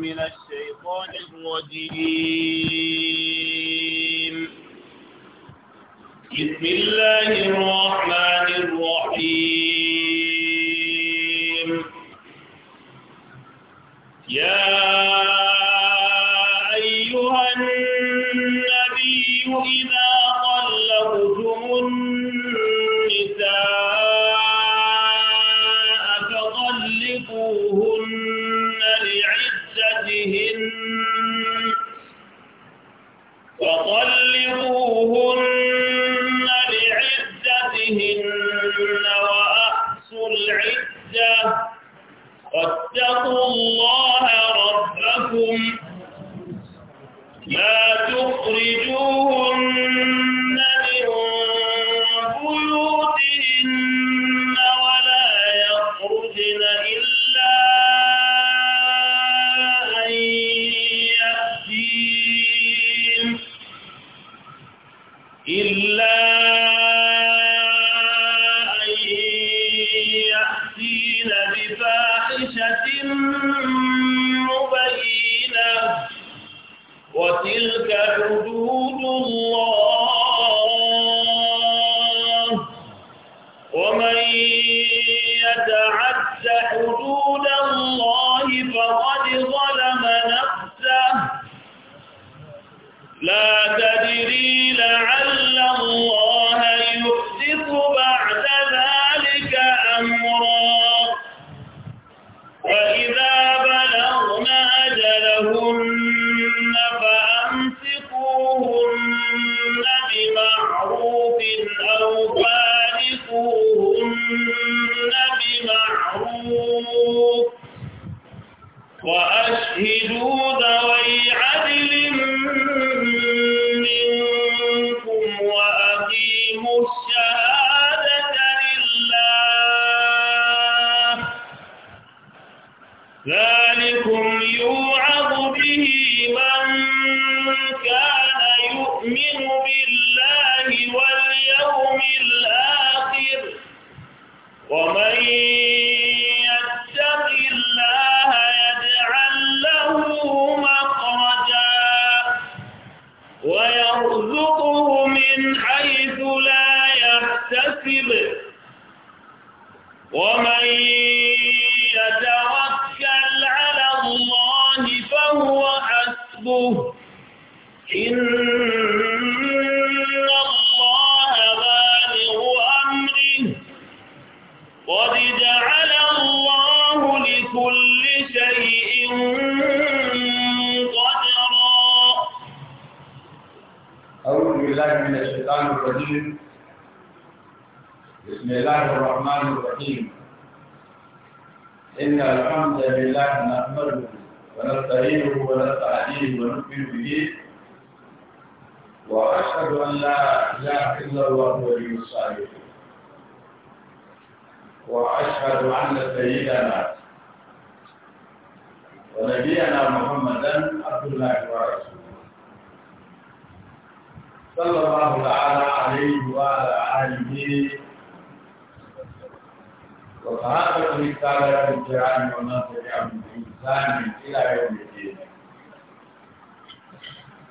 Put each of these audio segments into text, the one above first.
من الشيطان الرجيم بسم الله الرحمن الرحيم يا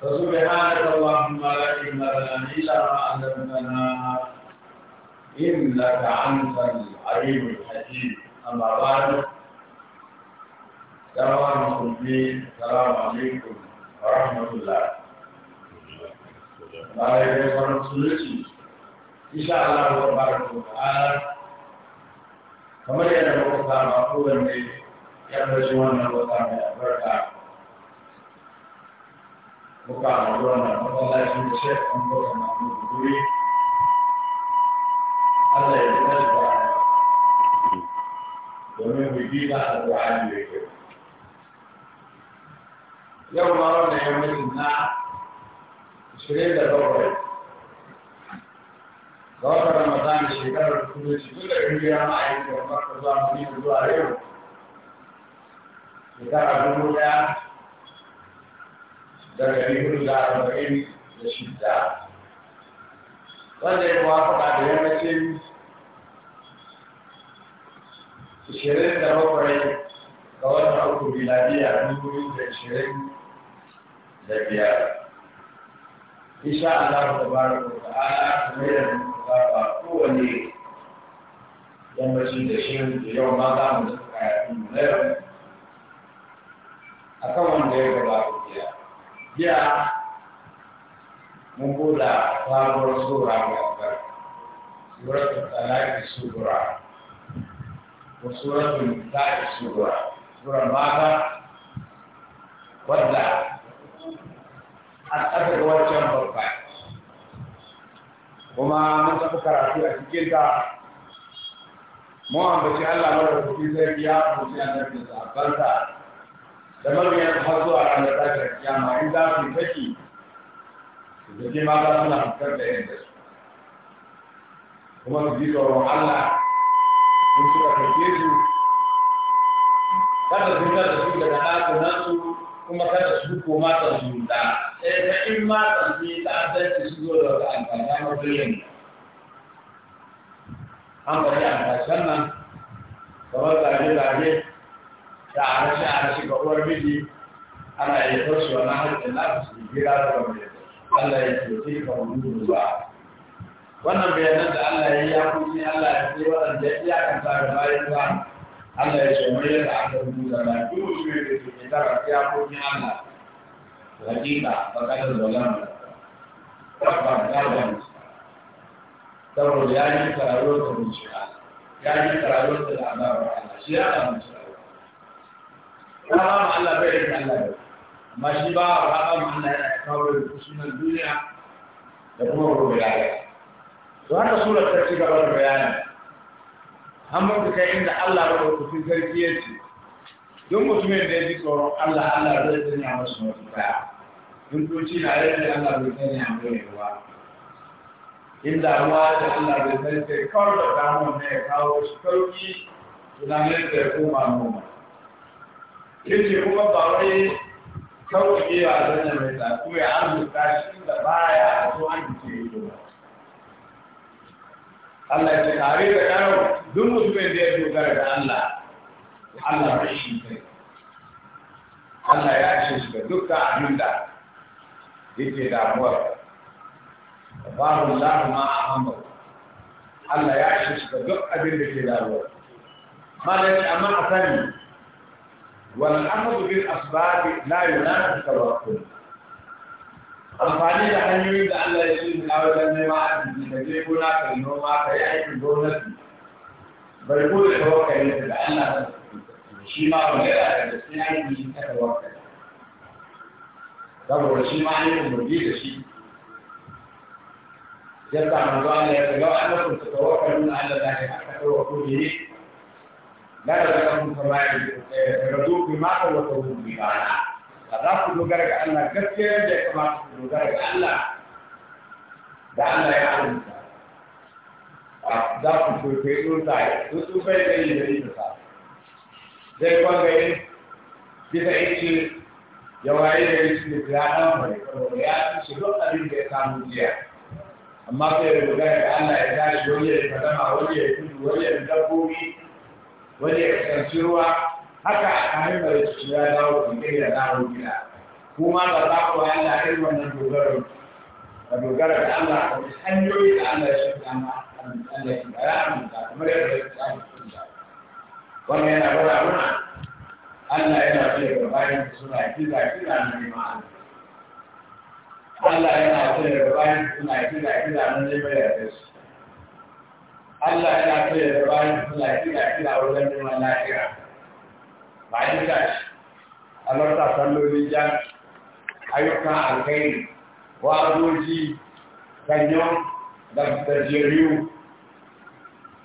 فسبحانك اللهم لا علم لنا إلا ما علمتنا إنك أنت العليم الحكيم أما بعد السلام عليكم ورحمة الله Baik, orang solusi. Insya Allah, Allah berkata, kamar yadda muka samu abubuwan da ya rashin wannan wata mai albarka suka haɗu wannan masallacin shek an bauta mamu guri Allah ya zama shi ba domin biki na alƙur'ani da ke yau ma wannan yammacin na ashirin da bakwai ga wata ramadan shekarar kuma cikin da hijira ma'aikatan makka zuwa madina zuwa yau shekara dubu ɗaya daga rihun da arba'in da shidda wanda ya faɗa da yammacin ishirin da bakwai ga wata uku miladiya dubu da ishirin da biyar insha Allah ta bara ko ta'ala kuma yana muka ba kowane yammaci da shirin da yau ma za mu saka yafi mu na yau akan wanda ya gabata jiya mun buɗe sabuwar sura babbar suratul talaki sura ko suratul nisa'i sura sura mata wadda an aka wancan babba kuma mun tafi karatu a cikin ta mu ambaci Allah mara kuɗi zai biya mu sai an tafi da da mabiyan har zuwa ranar tashar kiyama in za su kashi su zaje mata suna fitar da yadda su kuma su ji tsoron Allah in suka kashe su kada su kada su daga haka ɗakunan su kuma kada su koma ta su da sai ta in ma ta su yi ta'addanci su zo da amfani na mabiyan an bari amfani sannan kamar zage-zage da arashi arashi ga uwar miji ana yi tarsu wani hajji na su gira da wani Allah ya ce ce ka wani ba wannan bayanan da Allah ya yi ya kuci Allah ya ce waɗanda ya iyakanta da bayan ba Allah ya ce mai yadda aka rubuta da duk shi da ke ke tara ya kuci Allah hakika ba ka da zalama rabban rabban saboda ya yi kararo da bincika ya yi kararo da al'amara Allah shi ya amince rama ma Allah bai da Allah bai amma shi ba rama Allah yana kawo da sunan duniya da kuma da ya to haka sura ta ci gaba da bayani an mutu kai inda Allah ya rubuta cikin sarki don mutumin da ya ji tsoron Allah Allah zai masu masa mafita in doci na yadda Allah bai tsanya mai ruwa inda ruwa da Allah bai tsanya kawar da damuwa ne ya kawo shi sauki tunanin da ya koma noma yace kuma ba wai sauƙi a zanen mai tsatu ya arzuta shi da baya so an ce yi ba Allah ya ce tare da yaro, duk mutumin da ya dogara da Allah Allah bai shi kai Allah ya ce shi da dukkan abin da yake damuwar babu Allah ma amma Allah ya ce shi da duk abin da ke damuwar malaka amma a sani والأمر بالأسباب لا ينافي التوكل الفاني لحن يريد أن لا يكون من أول أن ما يكذبنا كلمة فيعرف دونك بل قول التوكل لأن شيما وغيرها يستطيع أن يكون التوكل طب وشيما يكون مجيد شيء جدا عن الله يقول أنكم تتوكلون على ذلك حتى توكلوا لا يلزمهم فوائد ردوك بما وتوبوا بما أضافوا دوغارك الله كثير جاي كما دوغارك الله ده الله يعلم أضافوا شو في دول تاي دول تاي ده يجري بس زي ما قال كده إيش يوعي ده إيش بيتلاعب ما يكون يا شلون أبين ده كانوا جيا أما في دوغارك الله إذا شوية كلام أولي يكون شوية من دبوبي wani ya kasance ruwa haka a da mai cikin ya dawo kankai da dawo rubuta. kuma ba za ku na irin wannan dogaro da dogara da Allah ko hanyoyi da Allah ya shi amma Allah ya bayar mun da kamar yadda ya tsaya Wani yana gwada mana Allah yana fiye da bayan suna kiza kiza na neman Allah Allah yana ce da bayan suna da kiza na neman yarda su Allah yana so ya bayan su lafiya kira wajen neman lafiya bayan tashi halarta sallolin jan ayyukan alkhairi wa'azoji kanyon da gajeriyu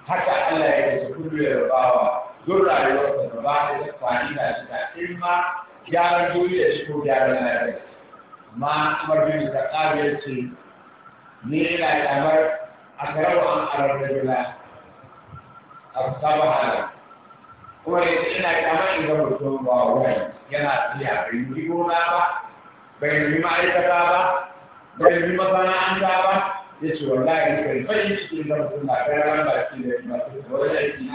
haka Allah ya yi kudu ya bawa duk rayuwarsa ta ba da kwani da shi da in ma gyaran duniya ya shigo gyaran lafiya amma Umar bin Khattab ya ce ni ina kamar أكره على الرجل أصاب على kuma ina kama in ga mutum ba wai yana tsiya bai yi gona ba bai yi ma'aikata ba bai yi masana'anta ba ya ce wallahi kai bai cikin da sun ba kai ran baki da masu wajen ki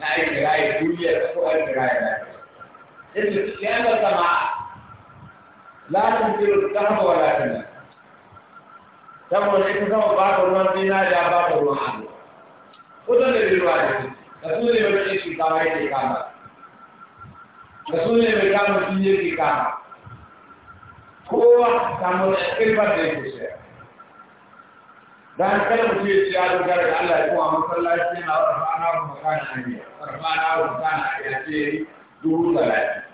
na aiki rayu ko aiki rayu na ya ce ya zama lafin tunziru ta hawa la nan. saboda ita sama ba ta ruwan zinariya ba ta ruwan hannu kudin da ruwa ne da su ne wani shi kama yake kama da su ne mai kama shi yake kama kowa samu da kirbar da yake shi dan kada mu ce ya dogara da Allah ya kuma masallaci na rafa'ana wa makana ne rafa'ana wa makana ya ce dubu talatin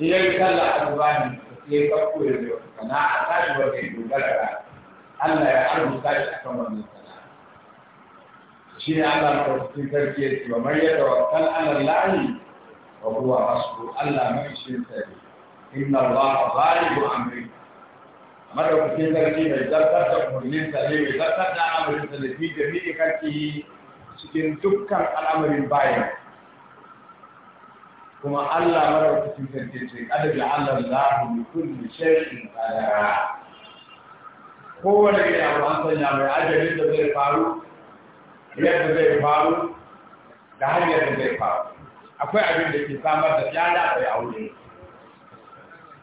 idan sallah azbani sai ka koyar da sana'a ta shi wanda ya dogara ga Allah ya arzuta shi akan wannan sana'a shi ne Allah madaukakin sarki ya ce wa man ya tawakkal ala Allah wa huwa hasbu Allah mai shi sai inna Allah ghalibu amri madaukakin sarki mai zartar da umarnin sa ne mai zartar da amarin sa da fi jami'i karki cikin dukkan al'amarin bayan kuma Allah maraukakin sarki ce kada bi Allah lahu bi kulli shay'in Ko kowane ya abu an sanya mai ajalin da zai faru yadda zai faru da hanyar da zai faru akwai abin da ke samar da tsada bai aure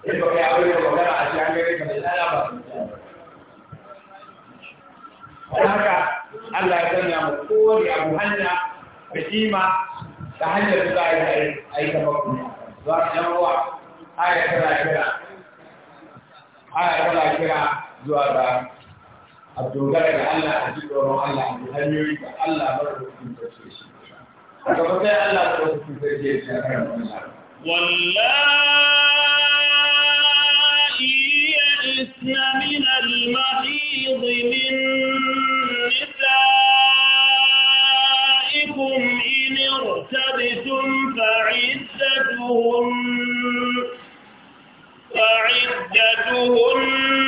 in ba kai aure ba magana a cikin gari ka da tsada ba su tsada haka Allah ya sanya mu kowane abu hanya da kima ta hanyar za a yi tabakkuli za a yan ruwa aya tana kira aya tana kira zuwa ga a dogara da Allah a ji tsoron Allah a hanyoyi da Allah mara rufin sarki shi a gaba sai Allah mara rufin sarki ya ce a kan wannan wallahi ya'isna min al-mahid min nisa'ikum ارتبتم فعدتهم فعدتهم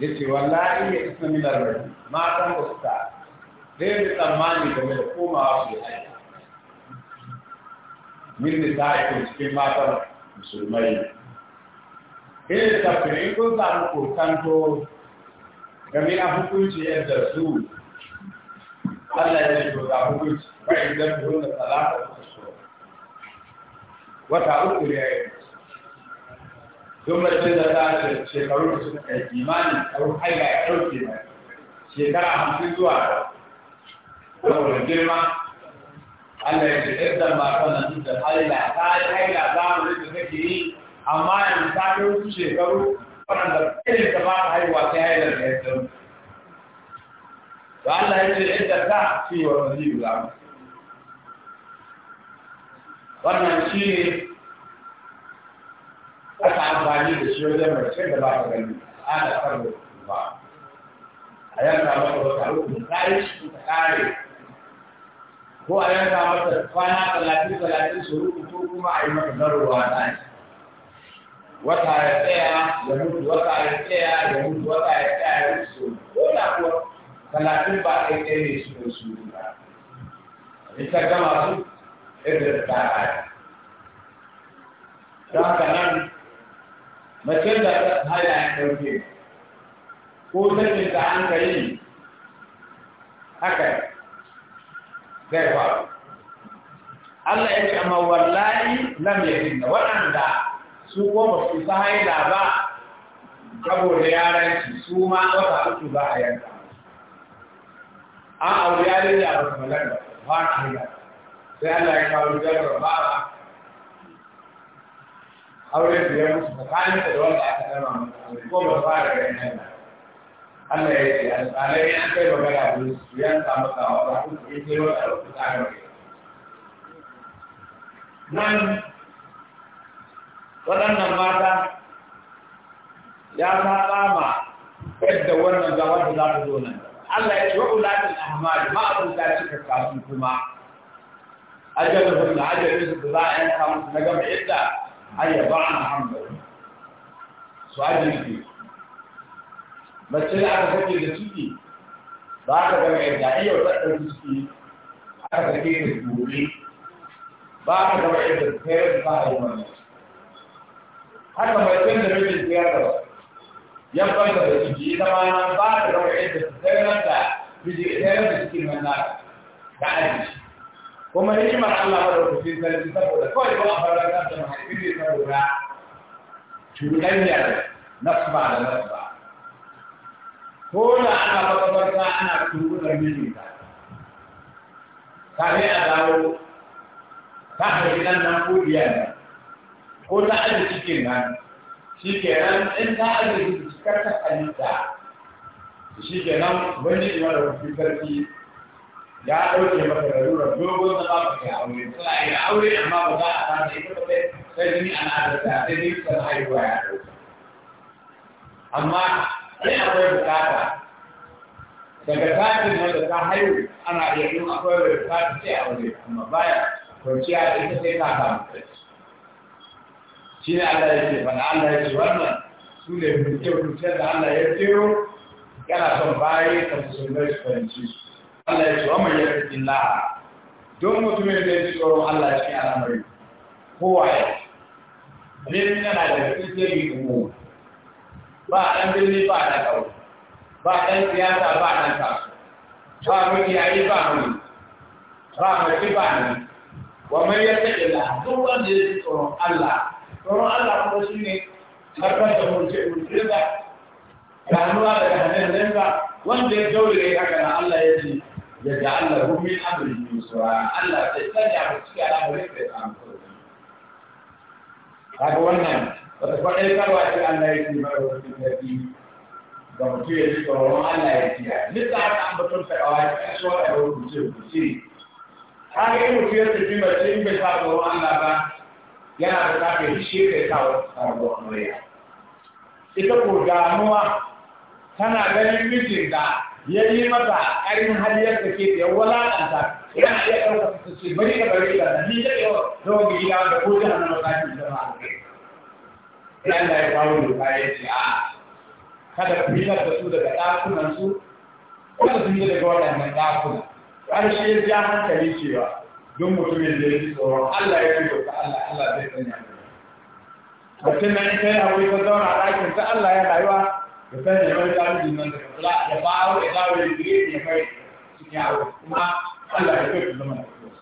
yace wallahi iya isa minar arba'i ma san ba su ta tsammani game da komawa su yi aiki min da ta yi cikin matan musulmai irin tafiye kun samu kokanto game a hukunci yadda su Allah ya ce ga hukunci bai zan da salata da su wata uku ne don mace da ce shekaru da suka kai imani ɗau haila ya ɗauke mai shekara hamsin zuwa saboda girma Allah ya ce ɗan mata na duk da haila ta haila za mu da kake yi amma yanzu ta kai wasu shekaru waɗanda irin ta ba ta haihuwa ta haila da ya tsaro. Ba Allah ya ce ɗan ta fi wa wani yi Wannan shi ne aka amfani da shi wajen cikin da ba ka gani da samun ba a yanka masa wata rukun kare shi ta kare ko a yanka masa kwana talatin talatin su ruku ko kuma a yi masa garuwa na shi wata ya tsaya ya mutu wata ya tsaya ya mutu wata ya tsaya ya mutu ko da kuwa talatin ba a yi ne su da su ba ita gama su irin ta don haka nan macen da haya ya ɗauke ko sakin da an ka yi haka zai faru Allah ya ce amma wallahi lam yakin waɗanda su ko su sa haila ba saboda yaranci su ma wata uku ba a yanka an aure yarinya ba su da ba a haila sai Allah ya kawo jarraba aure da ya musu tsakanin da wanda aka dama musu ko ba fara ga yana Allah ya ce alƙalai ya kai magana da su ya samu tsawa ba su ke ce wa a rufe tsarin rai nan waɗannan mata ya saba ma yadda wannan gaba da za ta zo nan Allah ya ce wa ulatul ahmad ma abu da cika kasu kuma ajalun da ajalun da za a yanka musu na gama idda أي يضعن حمله سؤال جديد بس لا أتفكر جسدي بعد جمع الداعية وتأثر جسدي أنا تفكير الدولي بعد جمع الدكتور بعد المريض حتى ما يتم تفكير الدكتور يبقى أنت بجدي إذا ما بعد جمع الدكتور أنت بجدي إذا لم تفكير من النار تعالي kuma ni'imar Allah ba da kusin sarki saboda kawai ba a fara da da mahaifi ne saboda cuɗanyar nasba da nasba ko da ana makabarta ana turuɗar mijinta kare a dawo ta haifi ɗan nan ko ne ko ta aji cikin nan shi ke nan in ta aji cikin ta halitta shi ke nan wani imar da kusin sarki ya ɗauke maka garurar dogon zama ba ka aure a iya aure amma ba za a da ita ba sai jini ana adalta sai ni san haihuwa ya ɗauke amma sai akwai bukata daga tashin nan da ta haihu ana iya yin akwai wani bukata sai aure amma baya kwanciya da ita sai ta samu kai shi ne Allah ya ce bana Allah ya ce wannan su ne mutum da Allah ya tsero yana son baya, kan su sun bai su fahimci su Allah ya ce wa mai fi Allah don mutumin da ya ci tsoron Allah ya fi al'amari kowa ya ne yana da cikin umu ba a dan birni ba ɗan kawo ba a dan siyasa ba ɗan kawo ba mai yayi ba mai. ba mai ki ba mai wa man da Allah duk wanda ya ci tsoron Allah tsoron Allah kuma ne karkar da mulki mulki da kanuwa da hannun da wanda ya daure haka na Allah ya ce daga Allah rumin amrin yusra Allah zai sanya mu cikin al'amarin da ya samu kaga wannan wata faɗaikarwa ce Allah ya ce mara wasu sarki ga mutum ya ji tsoron Allah ya ce lissa haka an batun taɓawa ya kashe wata rubuce rubuce kaga in mutum ya tafi mace in bai sa tsoron Allah ba yana da zafi da shi kai kawo sabuwar murya. Ita ko damuwa tana ganin mijin da ya yi mata ƙarin haliyar da ke da wala ɗanta yana iya ɗaukar su ce bari ka bari ka da ni da yau da wani gida da ko jana na matakin da ba a kai idan da ya kawo doka ya ce a kada ku yi da su daga ɗakunan su kada su yi daga waɗannan ɗakunan ƙarshe ya ja hankali cewa don mutumin da ya ji tsoron Allah ya fito ka Allah Allah zai sanya mutum nan in kai aure ka zauna a ɗakin ta Allah ya rayuwa da sani ya wani tsarin nan da kasala ya bawo ya bawo ya gire ya kai cikin kuma Allah ya kai zama da kuma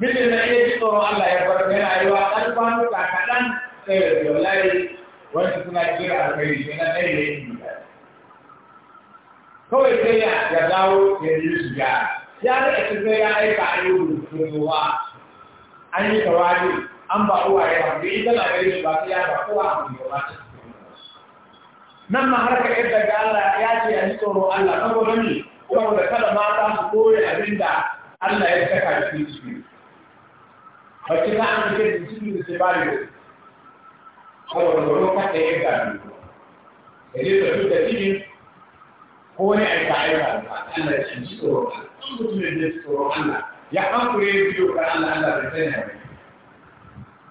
mijin na iya ji tsoron Allah ya bar mai rayuwa ɗan kwano ka kaɗan sai da biyo layi wani suna kira alkhairi ne na ɗaya ne yi kawai sai ya ya dawo ya yi ya ya da sai ya aika ayyukan rubutuwa an yi tawari an ba uwaye ba bai ba sai ya ba kowa a nan ma har ka yadda ga Allah ya ce a tsoro Allah saboda ni saboda kada ta su koyi abin da Allah ya saka shi ciki ki ta an ce da ciki da sibari ne saboda tsoro kada ya ga ni da ne da duk da ciki ko wani aika aika Allah ya ci tsoro Allah mutum ya ci tsoro Allah ya hankure biyo ga Allah Allah bai sani ba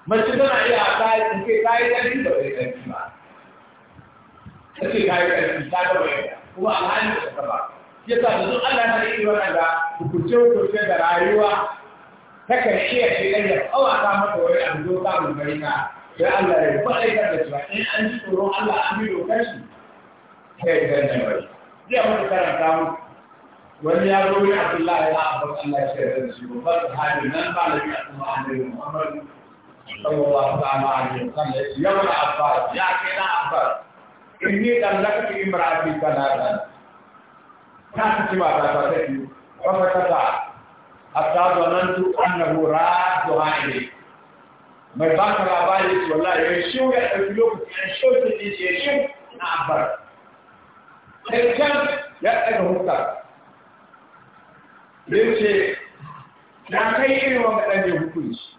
mace tana iya kai kai kai da ba bai sani ba kace kai kai ta da wai kuma alhali da ta ba sa da duk Allah ta yi wannan da hukunce hukunce da rayuwa ta karshe a shi ɗan ya tsawa ta mata wani abu zo ta mun gari na sai Allah ya faɗaikar da cewa in an ji tsoron Allah an bi dokar shi ta yi gane wani zai mutu karanta mu wani ya zo ne Abdullahi ya abu Allah ya shirya da shi babbar sahabi nan ba da bi kuma annabi Muhammad sallallahu alaihi wa sallam ya ce yawan Abbas ya kai na Abbas ini adalah keimbrasi talaqan ta cuma kata ta ta kata? Atau dengan ta ta hatta zanantu annahu raduha ilayhi mai ba ka labari yang wallahi ya shi ya ɗauki lokaci ya ya ya kai irin wanda hukunci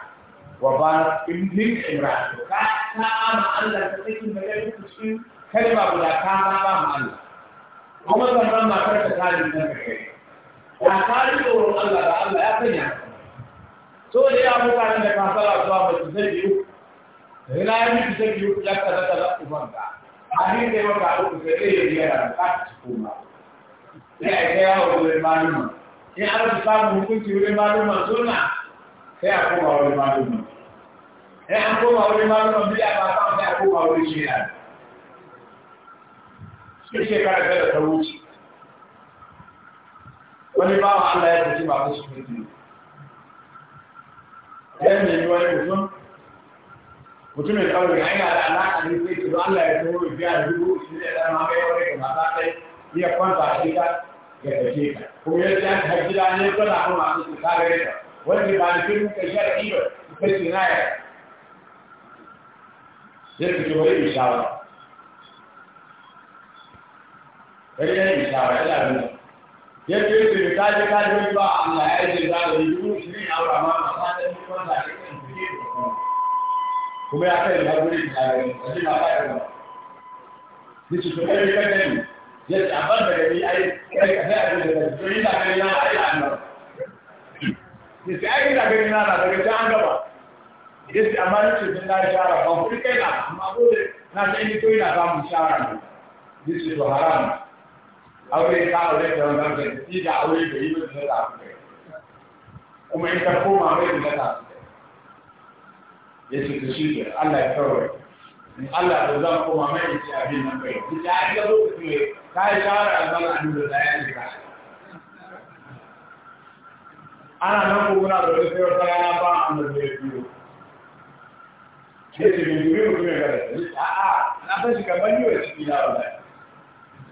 وبارك ابن عمران كان الله تكون مجال تشين كلمة ولا كان ما الله kuma sannan matar ta kare nan ka kai ta kare tsoron Allah da Allah ya sanya so da ya mutanen da ka fara zuwa ba su zai biyu rina ya miki zai biyu ya ka zata da uban ka a hin da yawa ka uku sai dai ya biya da ka ci kuma sai a kai yawa wurin malumman in an samu hukunci wurin malumman suna sai a koma wani malumi sai an koma wani malumi biya ba ta sai a koma wani shehar sai shekara da ta wuce wani bawa Allah ya tafi ba su mutu yan ne wani mutum mutumin kawai ga yana da alaƙa ne sai ki Allah ya tsoro biya da dubu shi ne da ma bai wani kuma ta kai iya kwanta a gida ya tafi ka kuma ya ce an haji da ne kana kuma su kare ka wanda ba da muka sha ɗiba ta ce na ya sai ku ci wani ishawa kai ne ishawa ya lafi ya ce su ta je ka je ba Allah ya ajiye za da yi shi ne a wura ma ma ta ɗan kuma da shi kuma ya kai da guri da ya ji ma ba ya ni su ko kai kan ne ya ce abin da ni ai kai ka sai a da ni da kai na ai Allah ya ce ai ina gani na na daga can an gaba ya ce amma ni ce sun na shara ban kuɗi kai na amma dole na san ni to ina shara ne ya to haram aure ka aure da wannan da shi da aure da yi mutum na kai kuma in ka koma mai da ta ya ce shi ke Allah ya kawai in Allah da zan koma mai da shi abin nan kai ya ce ai ga lokacin shara da ya ce ana nan ko muna da sai wata rana ba an da zai biyu yace ni ne mutum ya gare a a na san shi kamar ni wa ciki na wannan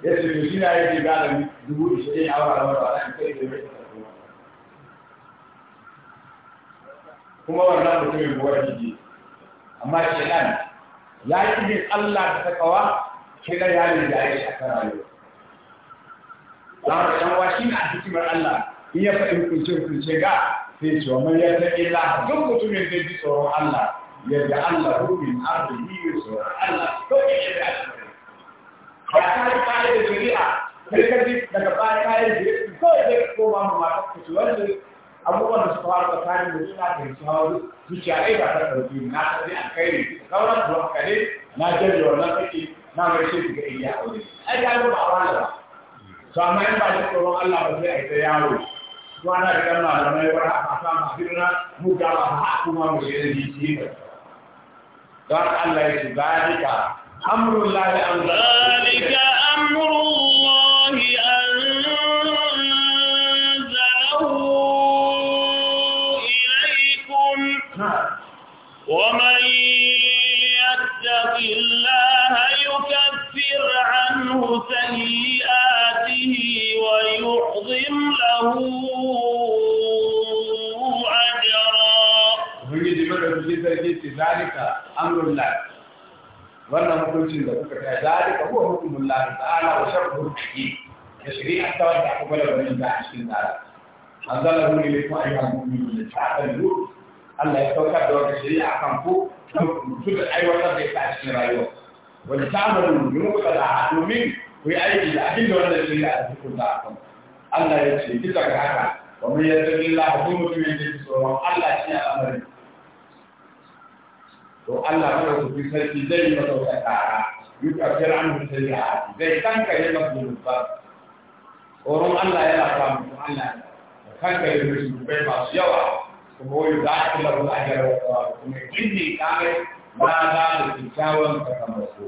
yace ne shi na yake ga da dubu ne a wannan wannan sai da kuma wannan mutumin buwar jiki amma kenan ya yi bin Allah da takawa kira ya yi da ya yi a yau, rayuwa. Zama da ɗan washi na hikimar Allah in ya faɗi kuce hukunce ga sai ce wa ya ta illa duk mutumin da ji tsoron Allah ya ga Allah rubin arziki yi tsoron Allah ko ya ce da ba ta yi kayan da shari'a sai ka ji daga bayan kayan da ya ko ya zai koma ma mata ka ci wanda abubuwan da suka faru tsakanin da suna da su hawa zuciya ɗaya ba ta ɗauki na ta zai ne. sauran su haka ne na jirgin wannan kake na mai shi ga iya aure ai ya ba a wani ba to amma in ba da tsoron Allah ba sai a yi ta yaro to ana da kan malamai ba a sa ma firna mu ga ba ha kuma mu yi da shi ba dan Allah ya ce zalika amrullahi anzalika amrullahi anzalahu ilaykum wa man yattaqi الله يكفر عنه سيئاته ويعظم له ذلك امر الله وانا ما قلت لك كذلك هو حكم الله تعالى وشرعه الحكيم تشريع التوسع قبل ان ينزع عشرين دار انزله اليكم ايها المؤمنون لتعتدوا الا يتوسع دور الشريعه كم فوق اي وقت بيتعب الشرايع ولتعملوا بمقتضاها تؤمن في اي الادله ولا الشريعه تكون تعقل الا يجري تلك الحكم ومن يتق الله فهو مؤمن به سوره الله شيء امره to Allah ya ku sarki zai yi masa wata kara yukaffir anhu sayyi'ati zai tanka ya masa zunuba tsoron Allah yana samu mutu Allah kanka ya masa zunubai masu yawa kuma wani za a kula da ajiyar wata kuma jinni kare ba za da kyakkyawan sakamako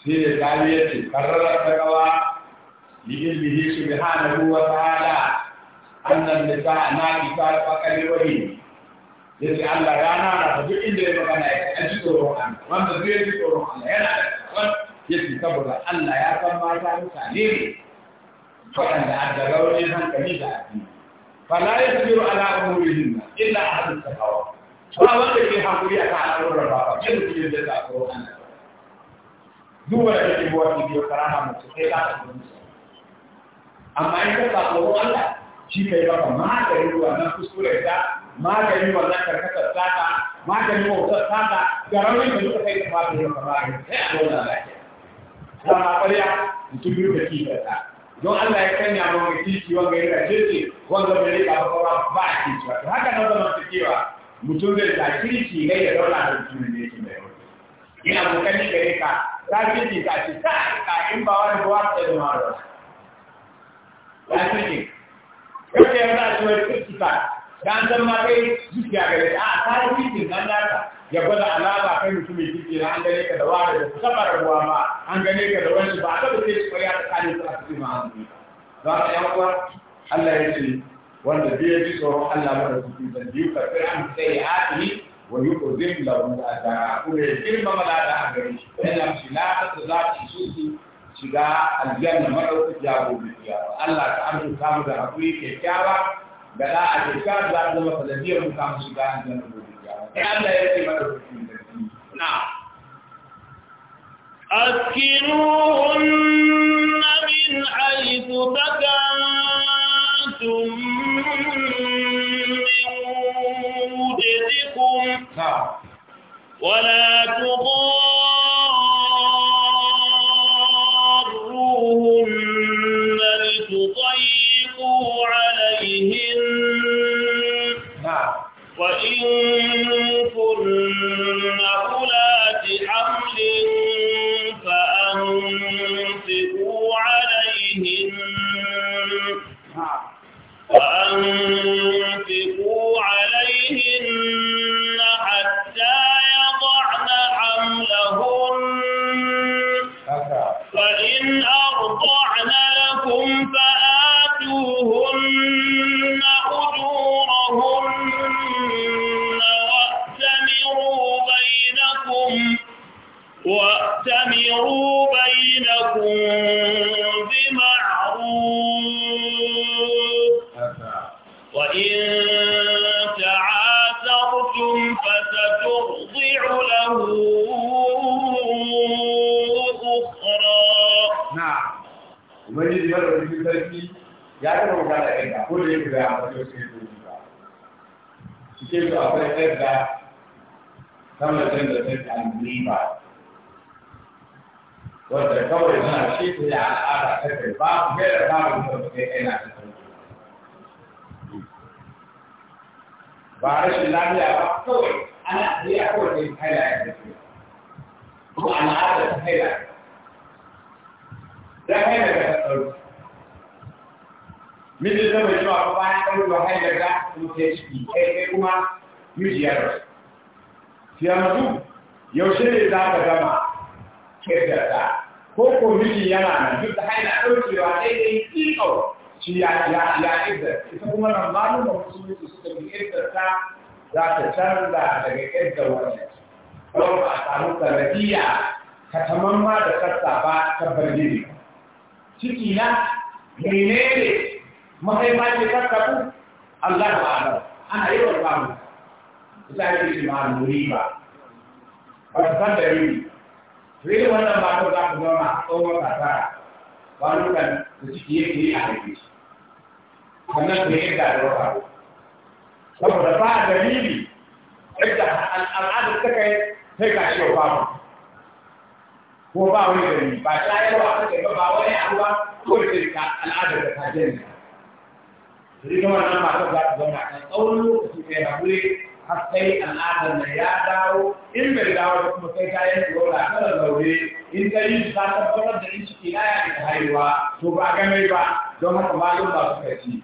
shi ne kare ya ce karrarar sakawa لإلمه سبحانه وتعالى أن النساء ناقصات فقد وهي yace Allah ya nana da duk inda ya magana ya ji tsoron Allah wanda zai ji tsoron Allah yana da yace saboda Allah ya san mata mutane ne waɗanda a da raunin hankali da addini fala yasbiru ala umurihin illa ahadus sakawa ba wanda ke hakuri a kan al'amuran ba ba yadda kuke da ta tsoron Allah duba da kake buwa ki biyo karama mutu sai ka ta gudu amma in ka tsoron Allah shi kai ba ma da ruwa na kuskure ta magani wannan karkatar sata magani wautar sata ga raunin da duka kai kama da yau kama da sai a zauna lafiya dama ƙwarya mutum biyu da ta. don Allah ya kanya ma mai titi wanga yana jirgi wanga mai rika ba kuma ba a titi wato haka nan zama su cewa mutum zai ta kirki ne ya zauna da mutum da yake mai yau ina kokari gare ka ta kirki ta ce ta ka in ba wani ba ta da mara ta kirki kake yana da shi mai kirki ta da an zama kai zuciya gare a ta yi cikin nan naka ya gwada alama kai mutumin ciki na an gane ka da wani da saba rabuwa ma an gane ka da wani ba a taɓa sai su kwaya tsakanin su a cikin ma'amuni za ka yan uwa Allah ya ce wanda bai ji tsoron Allah ba da cikin zan biyu ka fi an sai ya haɗi wa yi ko zai ƙozin launin da adara kuma ya girma malada a gare shi yana shi na ta za ta shi su shiga aljanna maɗaukaki ya gobe Allah ta amince samu da haƙuri kyakkyawa da za a ce ka za a zama sanadiyar mu samu shiga a cikin sai Allah ya ce mata na أسكنوهن من حيث سكنتم من وجدكم ولا تقربوا aka gama kirgarta ko ko yana nan duk da haina ɗaukewa daidai kiko shi ya ya ya kirgarta ita kuma nan malum da su suka bi kirgarta za ta canza daga kirgar wannan ba a samu sanadiyya ka tamamma da sassa ba ta bargini ciki na menene mahaifa ce ku, Allah ba ba'ala ana ba yawan samu misali shi ma'al ba. ba ta san dalili sai wannan ba ta za zama a tsawon kasara ba nukan da ciki yake yi a haife shi wannan da yadda da wata saboda ba a dalili yadda al'adar ta kai sai ka ce ba ko ba wani dalili ba shayarwa a kai ba ba wani abu ba ko da ka al'adar da ta jin sai kuma wannan ba zama a tsawon lokaci har sai al'adar da ya dawo in bai dawo da kuma sai ta yi dora kada zaure in ta yi ta tabbatar da in ciki na ya ta haihuwa to ba ga mai ba don haka malum ba su kaci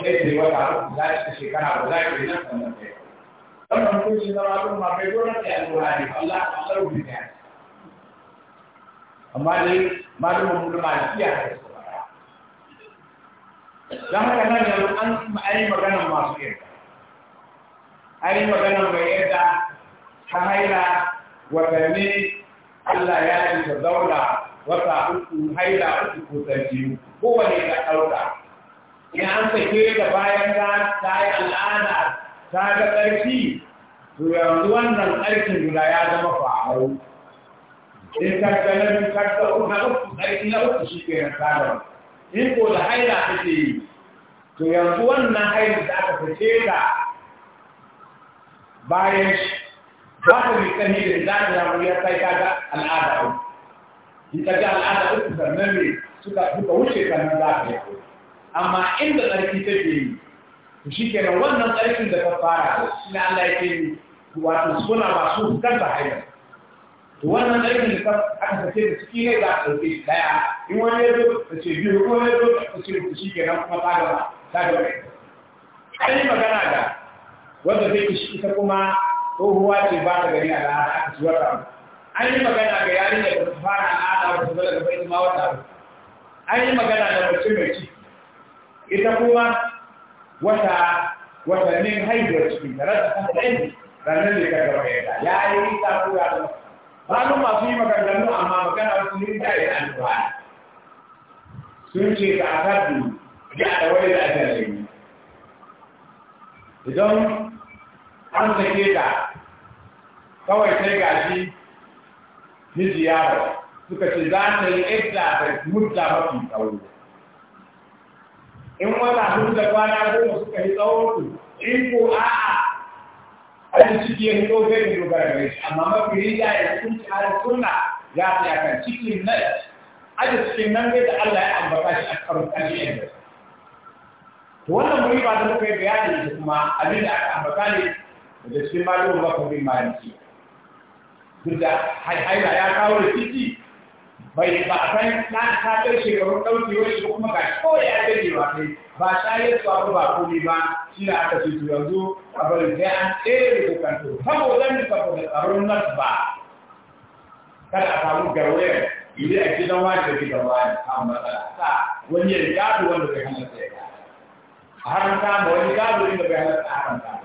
sai ta yi wata za ta shekara ba za ta yi nan sannan kai wannan shi na malum ma bai dora ta yi alwara ne ba Allah ta tsaro ne ta amma dai malumin mu da malikiya ta yi don ka nan yanzu an yi maganar masu irka an yi magana mai yadda ta haila watanni Allah ya yi ta zauna wata uku haila uku ko ta biyu wani ta ɗauka in an sake da bayan ta ta yi al'ada ta ga ƙarfi to yanzu wannan ƙarfin guda ya zama fa'au in ta ga na biyu ka ga uku na uku ƙarfi na uku shi ke na tsarin in ko da haila take yi to yanzu wannan haila da aka sake ta bayan shi ba ku yi sani da idan ya mu ya sai kaga al'ada ku in kaga al'ada ku sannan ne suka suka wuce sannan za ka yi amma inda tsarki take yi to shikenan wannan tsarkin da ka fara da shi ne Allah ya ce wato suna masu kanta haila to wannan tsarkin da ka aka sace da ciki ne za ka dauke shi ɗaya, in wani ya zo ka ce biyu ko ya zo ka ce shikenan kuma ka gaba ka gaba ai magana da wanda take shi ita kuma tsohuwa ce ba ta gani a al'ada aka ci wata an yi magana ga yarin da ta fara al'ada ba su zala gaba ita ma wata an yi magana da mace mai ciki ita kuma wata watannin haihuwar cikin da rasa kan ɗaya ranar da ka gaba ya ya yi rita ko ya zama malum masu yi maganganu amma magana wasu ne ta yi alƙur'ani sun ce ka asabi ya da wani da aka yi idan an zake da kawai sai gashi miji yaro suka ce za ta yi ita da mudda mafi tsawo in wata hudu da kwana goma suka yi tsawo su in ko a'a an ciki ya hito bai da dogara da shi amma mafi riga ya ci har suna ya fi ciki cikin a aje cikin nan gai da Allah ya ambata shi a karon kashi yadda wannan muri ba da muka yi bayani da kuma abin da aka ambata ne da cikin malumin ba kuma ci duk da haila ya kawo da titi bai ba a san na ta kai shekarun ɗauki wani ko kuma ga ko ya gaji ba sai ba shayar su abu ba komi ba shi na aka ce yanzu a bari sai an tsere da kanto saboda ni saboda tsaron nan ba kada a samu garwayar yi a gidan wani da gidan wani a matsala sa wani ya gado wanda bai hana sai ya haramta ma wani gado da bai hana haramta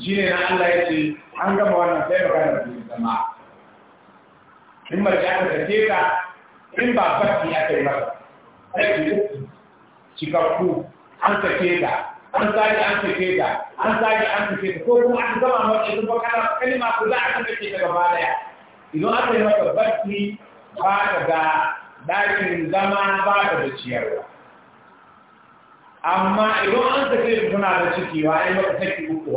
shi na Allah ya ce an gama wannan sai magana da su zama in mace aka sake ka in ba barci aka yi masa sai ki uku cikakku an sake ka an sake an sake ka an sake an sake ka ko kuma an gama masa idan ba kana kalma ku za a kan da ke daga daya idan aka kai maka barci ba ga dakin zama ba da ciyarwa amma idan an sake suna da ciki wa ai maka saki uku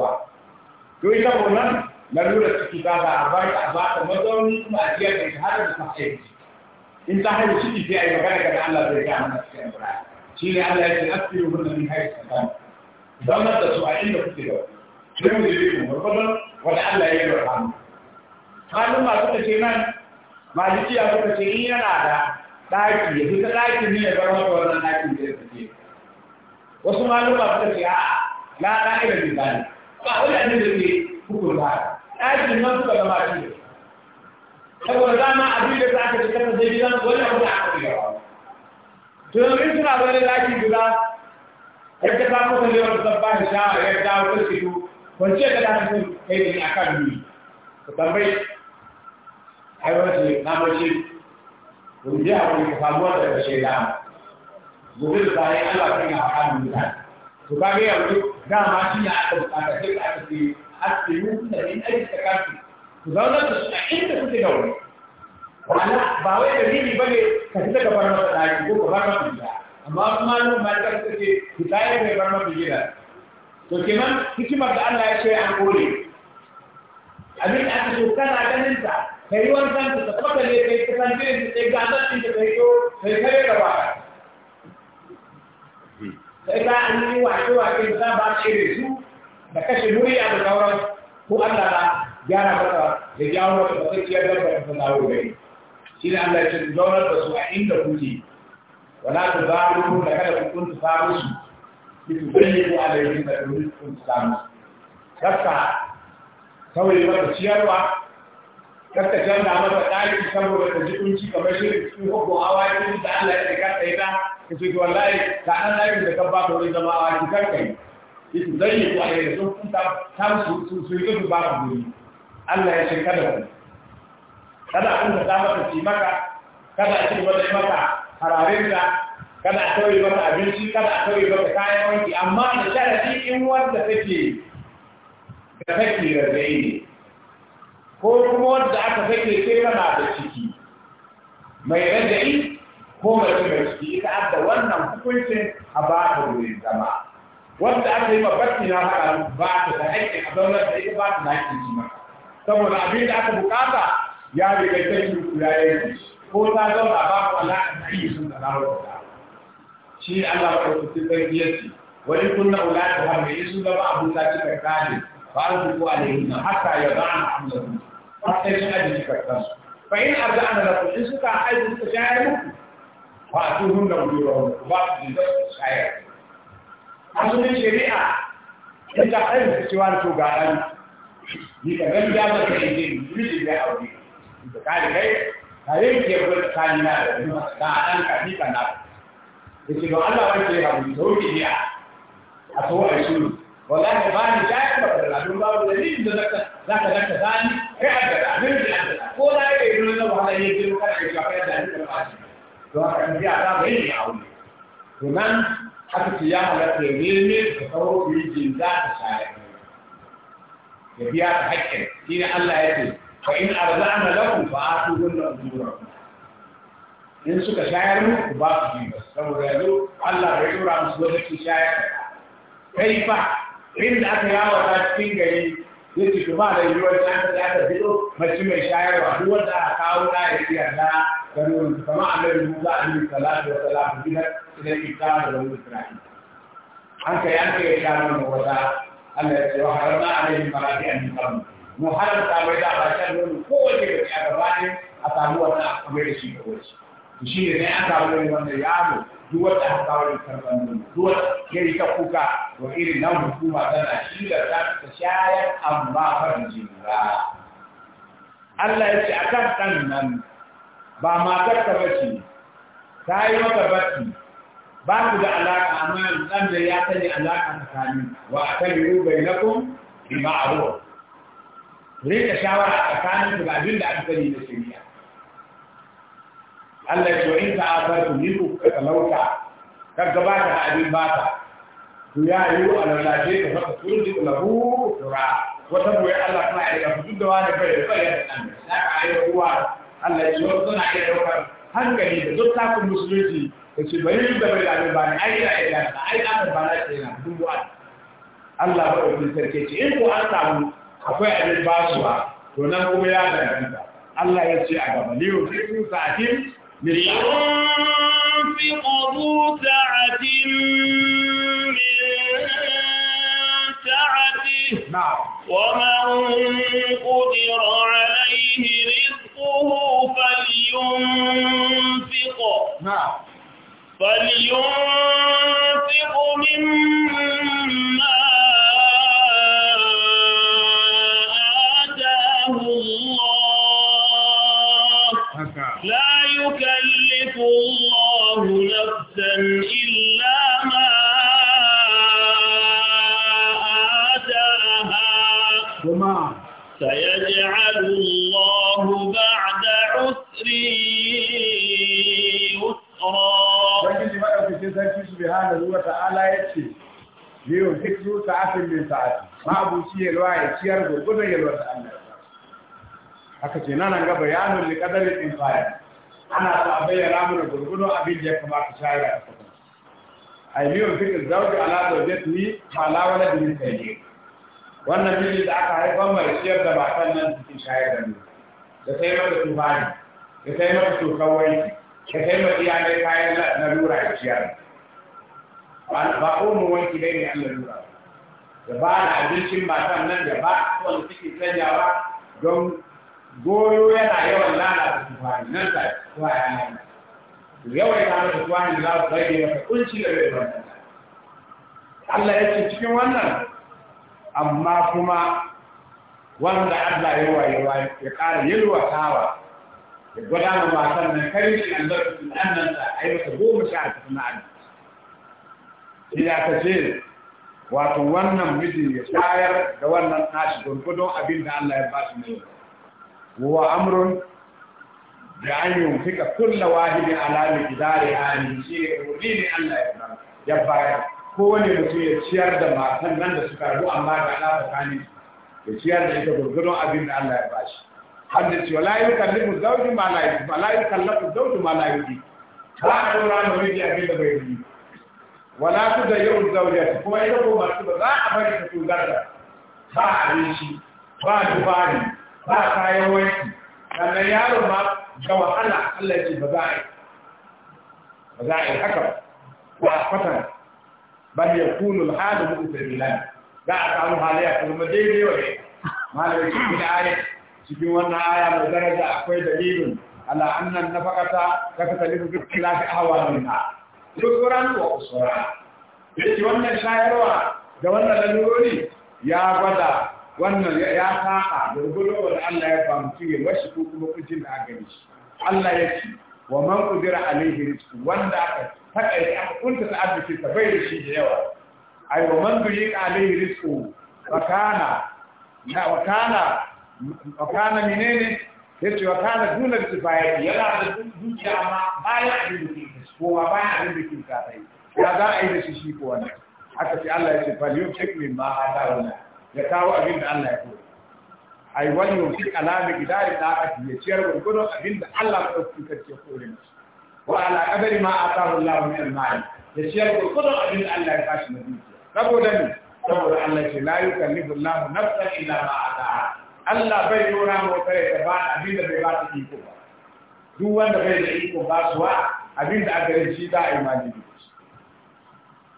كويتا مولا نقول لك كيتا دا باي دا با ما دون ما جيا دي حاجه دي فاشي انت هاي شتي في اي مكان كان الله زي كان مسكين برا شي لي الله يجي اكثر من هاي السكان دوما دا سؤالين لو كنت لو شنو اللي بيجي من ربنا ولا الله يجي يرحم قالوا ما كنت شي مان ما جيتي اكو شي ني انا دا دايتي دي دايتي ني برا ما كنت انا دايتي دي وسمعوا ما كنت يا لا لا الى بالي ba wani annabi ne hukunta ɗakin nan suka da aka ci kasa gidan wani abu da domin suna wani laki guda yadda ta kusa ne wani sabba da sha'a ya dawo ta shigo wance da ta sun kai da ni a kan ni ka tambayi ce na mace wani ya wani ka samu wanda ka shaida gobe da bayan Allah kan ya haɗa mutane to gaya yanzu dama shi ne aka bukata sai aka ce yi da in aiki ta kafi ku zauna da su a inda kuke da wani wala ba wai da ba ne ka fita ka bar masa daki ko ka bar masa gida amma kuma nan ma ta ce ku tayar da bar masa gida to kenan hikimar da Allah ya ce an kore abin da aka so kana ganin ta kai wanzan ka tabbata ne kai kasan din da kai ga nan din da kai to kai kare da ba sai ba an yi wake-wake za ba ce da su da kashe murya da sauran ko Allah na gyara masa da jawo masa matsacciyar ciyar da zawo gari shi ne Allah ya ce zaunar da su a inda kuke wala ta zaɓi da kada ku kuntu samu su bisu zai ko alayhi da domin kuntu samu kasta sauye masa ciyarwa kasta canza masa ɗaki saboda ta ji kunci kamar shirin cikin hukun hawa da Allah ya ce kasta ya ka ki wallahi ka an laifin da kan ba wurin zama a cikin karka yi yake zai yi kwaye da sun kunta ta su su su yi ba ka guri Allah ya ce kada ku kada kun da ta maka ci maka kada ci wata maka hararin da kada tauye maka abinci kada tauye maka kayan wanki amma da sharafi in wanda take da take da zai ne ko kuma wanda aka take sai kana da ciki mai rajai ko mace mai ciki ita adda wannan hukuncin a ba ta zama wanda aka yi mabarci na haka ba ta da aikin a zaunar da ita ba ta na aikin shi maka saboda abin da aka bukata ya riga ta ku ya yi ko ta zauna ba ku alaƙa na yi sun da dawo shi Allah ba ku ci sarki ya wani kunna da har mai isu zama abuta cika kare ba su ko alayhi na haka ya ba a amsa har sai shi ajiye cika kansu fa in arda ana in suka aiki suka shayar muku fa'atuhun da wujurahun ba su da kaya asalin shari'a ita kan cewa to ga dan ni ka gani da ba ka yi ni da aure da ka da kai kare ke bar kani na da dan ka ni da yace don Allah wanda ya hawo tauki ne a to a shi wallahi ba ni da ka ba da dun ba da ni da zaka zaka zaka zani kai da abin da ko da yake nuna wahala yake kana ka da ni ba don haka in ji a da bai aure to nan haka ce ya halatta ya neme ka sauro ku yi za ta shayar ya biya ta haƙƙin shi ne Allah ya ce fa in arzana lakum fa atu hunna ujurakum in suka shayar mu ku ba su ji ba saboda yanzu Allah bai dora musu lokaci shayar kai fa inda aka yawo ta cikin gari yace ku ba da yiwuwar ta aka fito mace mai shayarwa duk wanda aka kawo na ya yarda كانوا كما عمل موسى عليه الصلاة والسلام كده إلى الإكرام بنو إسرائيل أنت أنت إكرام موسى الذي وحرمنا عليه المراجع من قبل محرم تابعنا عشان نقول كل شيء في أكبانه أتابعوا أنا أكبر شيء كويس شيء نه أتابعوا من يعمل دوت أتابعوا كربان دوة كي تفوكا وإير نام حكومة تناشيل تشايع أما فرجنا الله يسأكم تنم ba matar ka bace ta yi maka bacci ba su da alaƙa amma ɗan da ya sani alaƙa tsakani wa a kan yi rubai na kun bi ma a ruwa rika shawara a tsakanin su ga abin da aka sani da shirya Allah ya yi wa ta afar ku ni ku ka talauta ka gabata da abin bata to ya yi wa lalace ka saka turji lahu tura wata boye Allah kuma ya yi ka fitu da wani bai da bai da ɗan da ka ayyuka Allah ya yi wasu suna iya ɗaukar hankali da duk takun musulunci da ce bari yi gaba da abin ba ne ai da ai da ai da ba na ce na dubu an Allah ba ɗauki sarki ce in ko an samu akwai abin basuwa to nan kuma ya danganta Allah ya ce a gaba liyu fi sa'atin min sa'atin min سعته نعم ومن قدر عليه رزقه فلينفق نعم فلينفق مما آتاه الله نعم. لا يكلف الله نفسا subhanahu wa ta'ala ya ce ne yau duk zu sa'atin min sa'ati ma'abuci yalwa ya ciyar gurgudan yalwa ta Allah haka ce nan ga bayanin li qadari in fa'ala ana ta a bayyana mana gurgudun abin da ya kamata shayar a kasance ai ne yau duk zauji ala zawjati ma la wala bin kayyid wannan miji da aka haifar mai ciyar da matan nan cikin shayar da ni da sai mata tufani da sai mata tukawai da sai mata iyalai kayan lalura a ciyar ba ko mu wanki dai ne Allah lura da ba da abincin matan nan da ba wanda suke ba don goyo yana yawan lalata tufani nan ta kuma ya nan yawan yana da tufani za da rage maka kunci da rai Allah ya ce cikin wannan amma kuma wanda Allah ya wayewa ya ƙara yalwa tawa ya gwada ma matan nan kai shi an zarfi nan ta aibata goma sha a cikin na'adi ta ce wato wannan miji ya shayar da wannan nashi gurgudun abin da Allah ya ba shi ne wa amrun da an yunfika kulla wahidi ala miqdari hali shi ne Allah ya bayar kowane mutum ya ciyar da matan nan da suka rabu amma da ala tsakanin ya ciyar da ita gurgudun abin da Allah ya ba shi har da cewa la yukallifu zawji ma la mu zawji ma la yukallifu ba a dora da wani abin da bai yi wala tu da yau zaujata kuma ita ko ba ba za a bari ta tugar da ba abinci ba dubari ba kayan wanki sannan yaro ma ga wahala Allah ce ba za a yi ba za a yi haka ba a kwatanta bal yakunu al-halu mu'tabilan za a samu halayya kuma daidai wa ne malai cikin ayat cikin wannan aya mai daraja akwai dalilin ala annan nafaqata ka ta talibu bi khilafi ahwa minha dusuran wa usura yake wannan shayarwa da wannan lalurori ya gwada wannan ya saka gurgudu wanda Allah ya fahimci ya washi ko kuma kujin da aka gani. Allah ya ce wa man qudira alaihi rizqu wanda aka takaita aka kunta ta arziki ta bai da shi da yawa ai wa man qudira alaihi rizqu wa kana na wakana wakana wa kana menene yace wa kana dunar tifayi yana da dukiya amma baya da dukiya ko ba abin da ke ka rai ya za a yi da shi ko wannan aka ce Allah ya ce fa yau take min ma hada wannan ya kawo abin da Allah ya koyi ai wani yau take alama gidari da aka ce ciyar gurgudu abin da Allah ya koyi ka ce koyi ne wa ala qadari ma atahu Allah min al-ma'al ya ciyar gurgudu abin da Allah ya kashi na dukiya saboda ni saboda Allah ya ce la yukallifu Allah nafsan illa ma ataha Allah bai yi nuna mota ya ba abin da bai ba ta iko ba duk wanda bai da iko ba suwa abin da aka rin shi za a yi mani da shi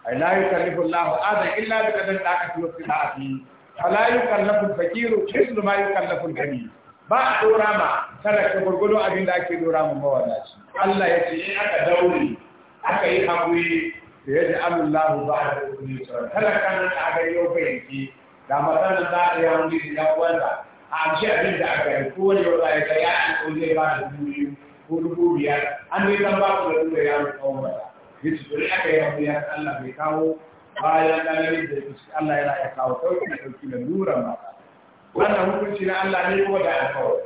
ai la yukallifu Allahu adan illa bi qadar da aka tuwa sa'ati fala yukallafu al-faqiru mithlu ma yukallafu al-ghani ba a dora ma talaka gurgudu abin da ake dora ma mawadaci Allah ya ce in aka daure aka yi hakuri da yadda Allah ba a da kudi talaka nan da aka yau bayanki da matsalar za a yi wani da ya wanda a amshi abin da aka yi kowane yau za a yi ya an ɗaure ba da duniya ko dubu biyar an yi san ba su da duka yaro tsawon bata ya ci turi aka yi abu ya Allah bai kawo bayan da ya Allah yana ya kawo sauki da sauki da nuran mata wannan hukunci na Allah ne ko da alkawari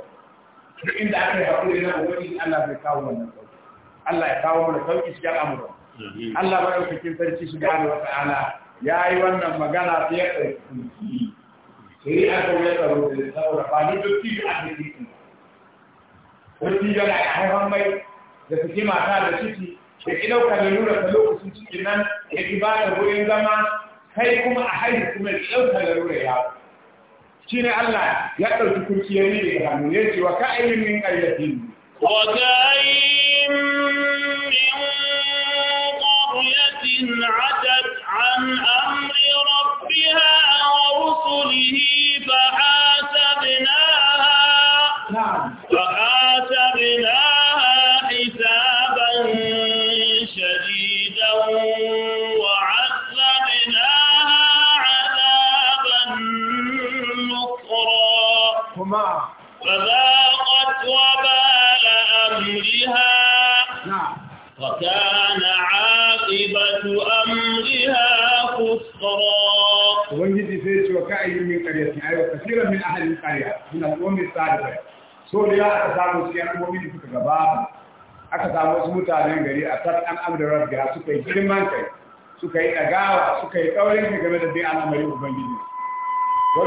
duk inda aka yi haƙuri na ubangiji Allah bai kawo wannan sauki Allah ya kawo mana sauki cikin al'amuran Allah ba yau cikin sarki shi gane wata ala ya yi wannan magana ta ya ɗauki kunci sai aka yi tsaro da saura ba ni duk cikin arziki wani yana da haifan mai da suke mata da ciki da ki ɗauka da lura ta lokacin cikin nan da ki ba da wurin zama kai kuma a haihu kuma ki ɗauka da lura ya shi ne Allah ya ɗauki kurki ya rike da hannu ya ce wa ka ayin min ayyatin wa ka ayin min qaryatin atat an amri rabbiha wa rusulihi fa hasabna ubangiji sai ce wa ka'ayi min qaryati ay wa kaseeran min ahli al-qarya min al-ummi so da ya aka samu cikin al'ummi da suka gaba aka samu wasu mutanen gari a tat an amda rabbiya suka yi girman kai suka yi dagawa suka yi kaurin kai game da bin al'amari ubangiji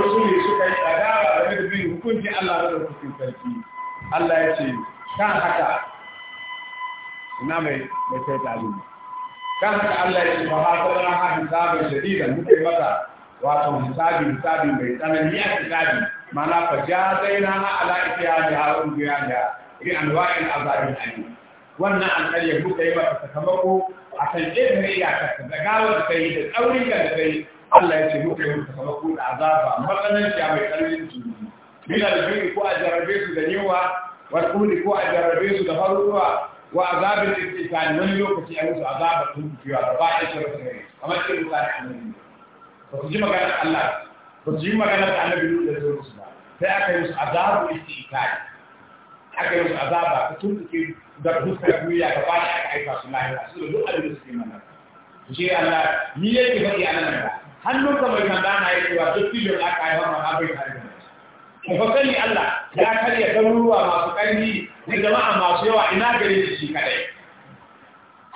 su ne suka yi dagawa game da bin hukuncin Allah da hukuncin sarki Allah ya ce kan haka ina mai mai sai ta kan haka Allah ya ce fa ha ta ran ha hisaban shadidan muke wato hisabi hisabi mai tsanani a hisabi mana fa ja zaina na ala itiya da harun biya da bi anwa'in azabin ali wannan an kare ku dai ba ta sakamako akan irin iyakar ta da gawar kai da tsaurin da kai Allah ya ce muka yi sakamako da azaba matsananci mai tsananin jini bila da ko a jarrabe su da yawa wal kudi ko a jarrabe su da faruwa wa azabin istikani wani lokaci a musu azaba tun fiya ba ya shirka kamar irin mutane ba su ji maganar Allah ba su ji maganar da annabi Nuhu da zo musu ba sai aka yi musu azabu istiqai aka yi musu azaba ta tuntuke da fuskar duniya ga bani aka aika su lahira su da duk abin da suke mana su ce Allah ni yake faɗi a nan da hannun ka mai sanda na yi cewa duk filin aka yi wannan abin da ake ka fa sani Allah ya karya garuruwa masu ƙarfi da jama'a masu yawa ina gare shi kadai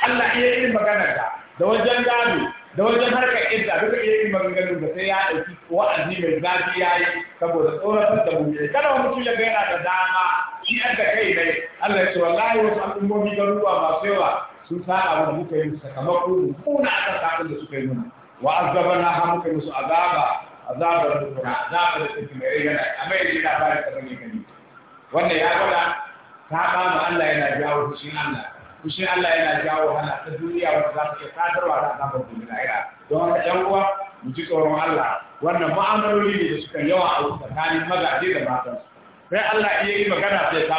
Allah iya yin maganar da da wajen gado da wajen harkar idda duka iya yin maganganun da sai ya ɗauki wa'azi mai zafi ya yi saboda tsoratar da mummuni kada wani mutum ya ga yana da dama shi an da kai ne Allah ya ce wallahi wasu al'ummomi garuruwa masu yawa sun da da muka yi sakamako mu kuna akan sabon da suka yi mana wa azabana ha muka musu azaba azabar dukuna azaba da take mai yana amma yaji da fara ta gani wannan ya gwada ta ba mu Allah yana jawo shi Allah fushin Allah yana jawo hana ta duniya wanda za su iya sadarwa da azabar duniya ira don haka ɗan uwa mu ji tsoron Allah wannan ma'amaloli ne da suka yawa a tsakanin mazaje da matansu sai Allah iya yi magana sai ta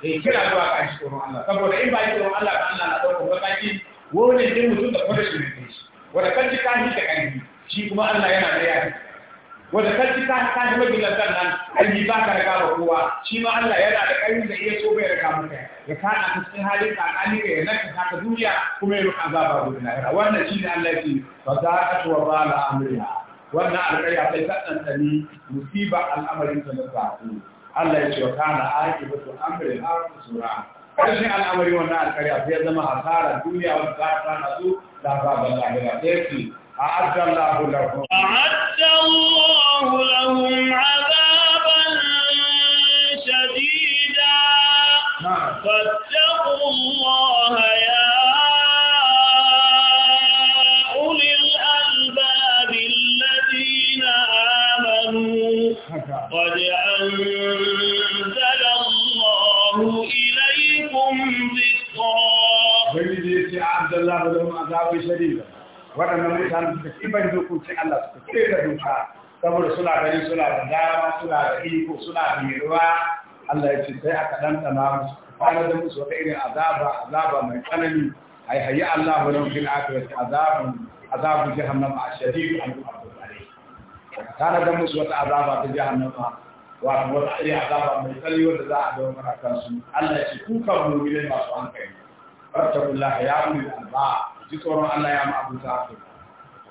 fi kira zuwa ka shi tsoron Allah saboda in ba yi tsoron Allah ba Allah na ɗaukar mataki wani ne mutum da kwadashi ne shi wanda kan ji kan ji da kan shi kuma Allah yana da yaki wanda kalci ta ta ji lantar sannan an yi ba ka riga ba kowa shi ma Allah yana da ƙarfin da iya so bai riga maka ya kana na cikin halin tsakani ga yana ka saka duniya kuma ya ruka azaba gobe na wannan shi ne Allah ya ce fa za ka tuwa ba la amriya wannan alƙarya sai ta ɗanɗani musiba al'amarin ta na zaɓi. Allah ya ce wa na aiki ba su amri har sura ƙarshen al'amari wannan alƙarya sai ya zama hasara duniya wanda za ta tana su da azaban lahira sai أعد الله لهم أعد الله لهم عذابا شديدا نعم. فاتقوا الله يا أولي الألباب الذين آمنوا نعم. قد أنزل الله إليكم ذكرا. عبد الله لهم عذاب شديد. waɗannan mutane suka kiban dokokin Allah suka da doka saboda suna gani suna da dama suna da iko suna da yiruwa Allah ya ce sai aka ɗanɗana musu kwanar da musu wata irin azaba azaba mai tsanani ai hayi Allah wa lam fil akhirati azabun azabu jahannama ashadid an yu'adhu alayh kana da musu wata azaba ta jahannama wa wata irin azaba mai tsanani wanda za a dawo mana kansu Allah ya ce ku kan mu ne masu hankali fattakullaha ya ulil albab ji tsoron Allah ya ma abu ta su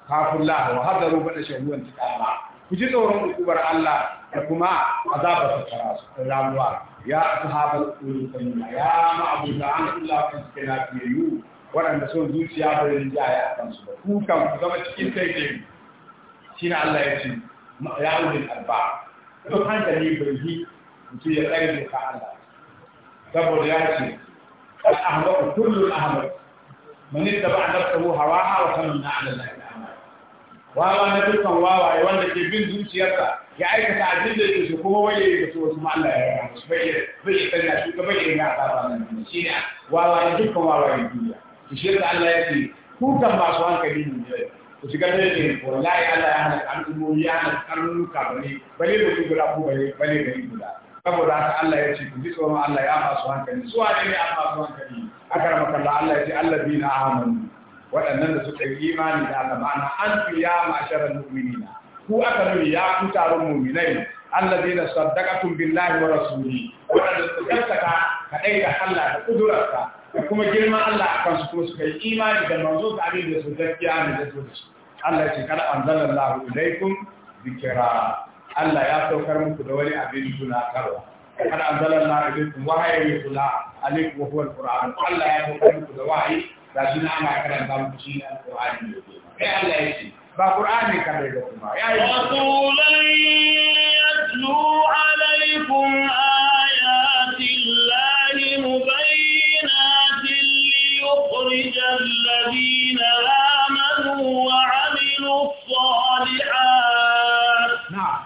kafin la wa hadaru ba da shahuwan tikama ku ji tsoron ukubar Allah da kuma azabar ta tara su ramuwa ya ashabal ulul ya ma abu ta an Allah kan suke lafiyayyu waɗanda son zuciya ba da rinjaya a kansu ba ku kan ku zama cikin taitayi shi na Allah ya ce ya wuri alba to hankali bai yi mutum ya tsaye ka Allah saboda ya ce al-ahmadu kullum ahmadu man ittaba nafsahu hawaha wa tamanna ala allahi wawa na dukkan wawaye wanda ke bin zuciyarsa ya aikata abin da yake so kuma waye yake so wasu Allah ya rama su bai yi bai tsaya shi ka bai yi yin azaba nan shi ne wawa na dukkan wawaye duniya to shi da Allah ya ce ku kan masu hankali ne ku shiga da yake wallahi Allah ya hana al'ummomi ya hana karnuka bane bane da ku guda ku bane bane da ku guda saboda haka Allah ya ce ku ji tsoron Allah ya masu hankali su wane ne an masu hankali akar makalla Allah ya ce na amanu waɗannan da suka yi imani da Allah ma'ana an fi ya ma'asharal mu'minina ku aka nuna ya ku taron mu'minai allazina saddaqatum billahi wa rasulihi waɗanda suka gaskata kaɗai da Allah da kudurarsa da kuma girman Allah akan su kuma suka yi imani da manzo da abin da su gaskiya ne da su Allah ya ce kada anzalallahu ilaikum bikira. Allah ya saukar muku da wani abin tunatarwa قد انزل الله اليكم وحي يطلع عليكم وهو القران قال لا يكون لكم وحي لكن ما كان دام شيء القران يقول يا الله يشي بالقران كبير لكم يا يقول يتلو عليكم ايات الله مبينات ليخرج الذين امنوا وعملوا الصالحات نعم.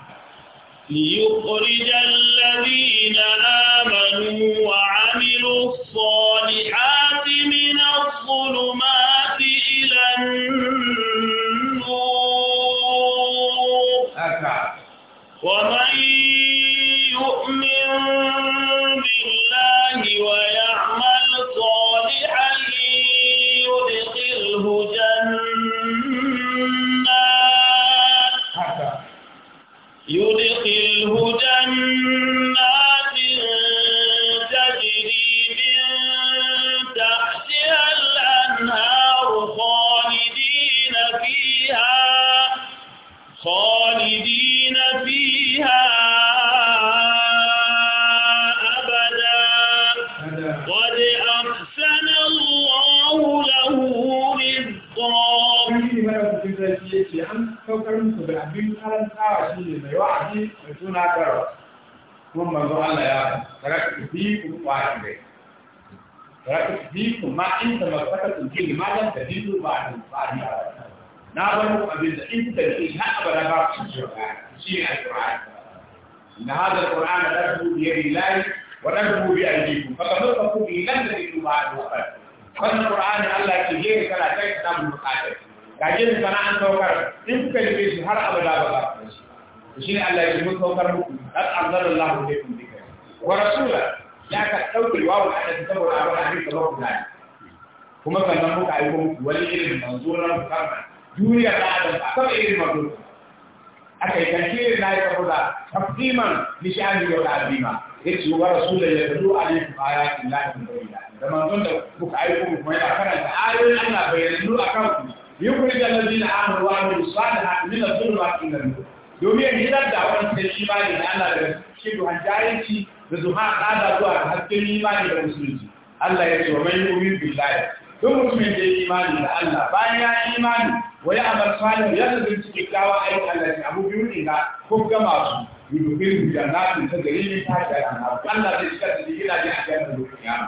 aiki da zuha kada zuwa ga hasken imani da musulunci Allah ya ce wa man yu'min billahi duk mutumin da ya imani da Allah bayan ya imani wa ya amal salih ya da zuci kikkawa aiki Allah ya abu biyu ne ga ko gama su yudubiru jannatin ta gari ta ta Allah zai shiga da gidaje a ya lokacin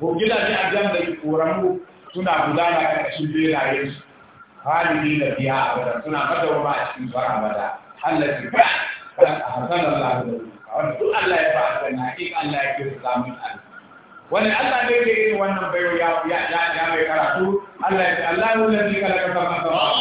ko gidaje a jannatin koramu suna gudana ƙarƙashin berayensu ne da biya abada suna madawama a cikin zuwa Allah ce ba a hasanar lafiya wanda duk Allah ya ba a na in Allah ya kira zamun wani Allah ne da irin wannan bayo ya ya ya mai karatu Allah ya Allah ya lalli kala ka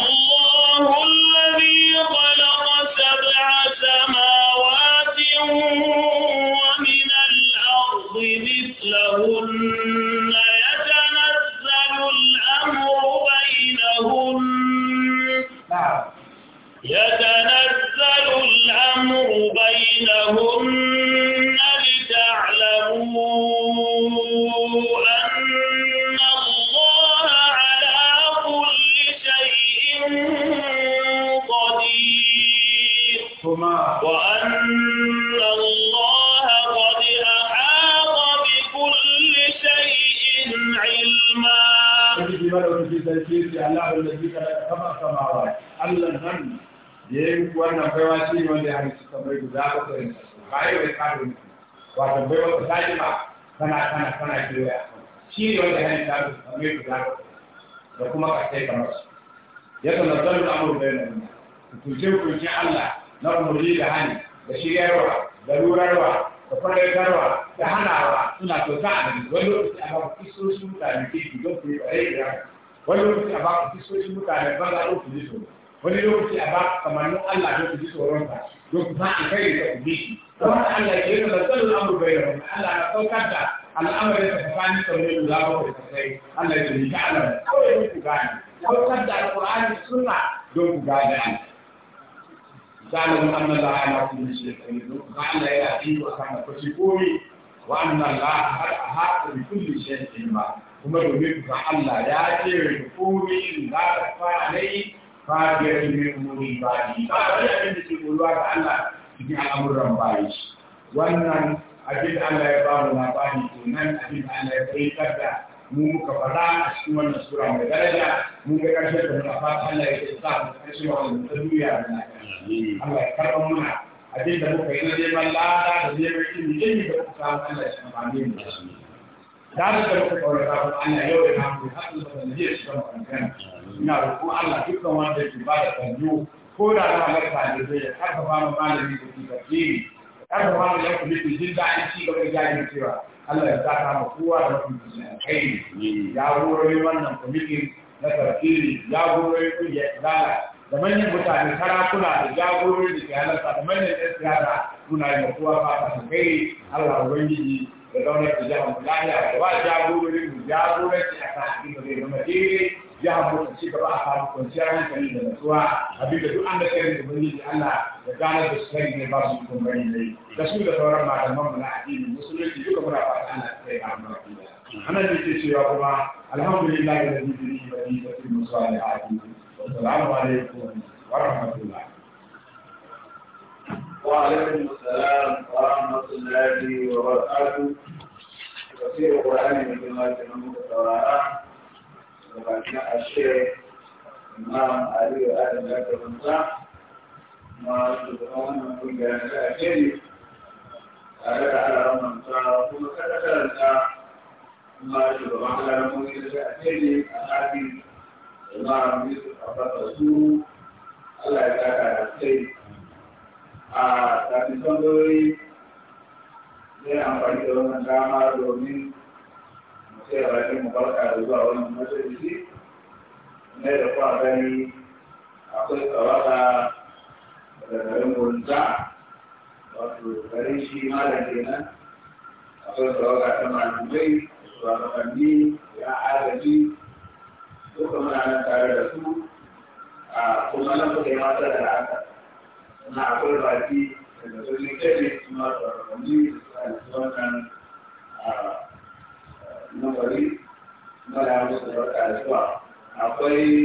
ce Allah da zai kada kama samawa Allah nan da ya yi wannan baiwa shi wanda ya halitta kamar guda uku da ba yi wai karo ne wato baiwa ta tashi ba kana kana kana kewa shi ne wanda ya halitta kamar guda uku da kuma kasai kamar su ya tana zan da amur bai nan tuce tuce Allah na umuri da hani da shiryarwa da rurarwa da faraitarwa da hanawa suna tota a nan wani lokaci a ba ku kiso su mutane kirki don ku yi ɓare da wani lokaci a ba ku kisoshin mutane ban za a ku ji tsoro wani lokaci a ba ku kamannin Allah don ku ji tsoron ka don ku san kai da ku bi shi kamar Allah ya yi da tsarin amur bai da Allah ya saukar da al'amarin da tsakanin ka da za ku da sai Allah ya yi ka Allah kawai ku gane saukar da alƙur'ani suna don ku gane تعلم أن الله على كل شيء a وأن لا يأتي وكان كل قومي وأن الله قد أحاط بكل شيء علما kuma domin ka Allah ya ce in za ta fara alai ba da ne umuri ba ni ba da abin da ke koyuwa ga Allah cikin al'amuran bayi wannan abin da Allah ya ba mu labari kenan abin da Allah ya bayyana da mu muka fara a cikin wannan sura mai daraja mu ga karshen da muka fara Allah ya ce za mu kashe wannan duniya da na Allah ya karɓa muna abin da muka yi na neman lada da neman ilimi da muka samu Allah ya shafa amfani mu da shi da da da ku kaura ta Allah yau da namu har da da ya shi kan kan ina roƙo Allah dukkan wanda ke ba da tanyo ko da na halarta da zai ya ba mu malami da ke tafsiri haka ba mu yanku mutum jin daɗin ci gaba da jajin cewa Allah ya saka mu kowa da mutum da kai ya goroyi wannan kwamitin na tafsiri ya goroyi ya ibada da manyan mutane sarakuna da jagorori da ke halarta da manyan 'yan siyasa suna yi kowa fata su kai Allah Ubangiji da gwamnati jihar Mutaliya da ba jagororin mu jagoranci a kan abin da jihar mu ci gaba a samu kwanciyar hankali da natsuwa a da duk an da tsarin da ganar da su a ne ba su da sauran malaman mu na musulunci duka muna fata Allah ana da cewa kuma alhamdulillah da zai yi assalamu alaikum wa وعليكم السلام ورحمة الله وبركاته تفسير القرآن من كلمة جنوب التوراة وبعدنا الشيخ إمام علي وآدم لك المنصح ما تتكون من كل جانب أكيد أعرف على المنصح وما كتكلمت ما تتكون على المنصح أكيد أحادي إمام يوسف أبا رسول الله يتعالى على السيد a tafi tambayoyi zai amfani da wannan dama domin mu sai a bakin mu barka da zuwa wannan majalisi ne da kuma gani akwai tsawata daga garin gonza wato garin shi malam kenan akwai tsawata ta malamai shugabanni ya agaji duka muna nan tare da su a kuma nan kuka yi mata da haka na akwai baki daga birnin kebe kuma da rauni da wannan nambari na da musu da zuwa akwai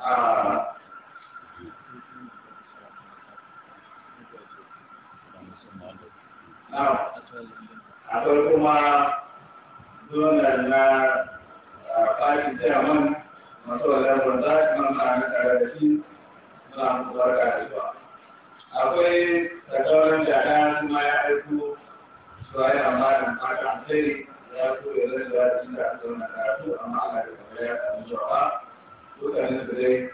akwai kuma zonar na fashin man masu wajen banza kuma na tare da shi na musu barka zuwa akwai tsakarar da na kuma ya aiko su a yi amma da fata sai ya so ya zai da su da su na karatu amma ana da kamar ya samu jawa dukkanin su dai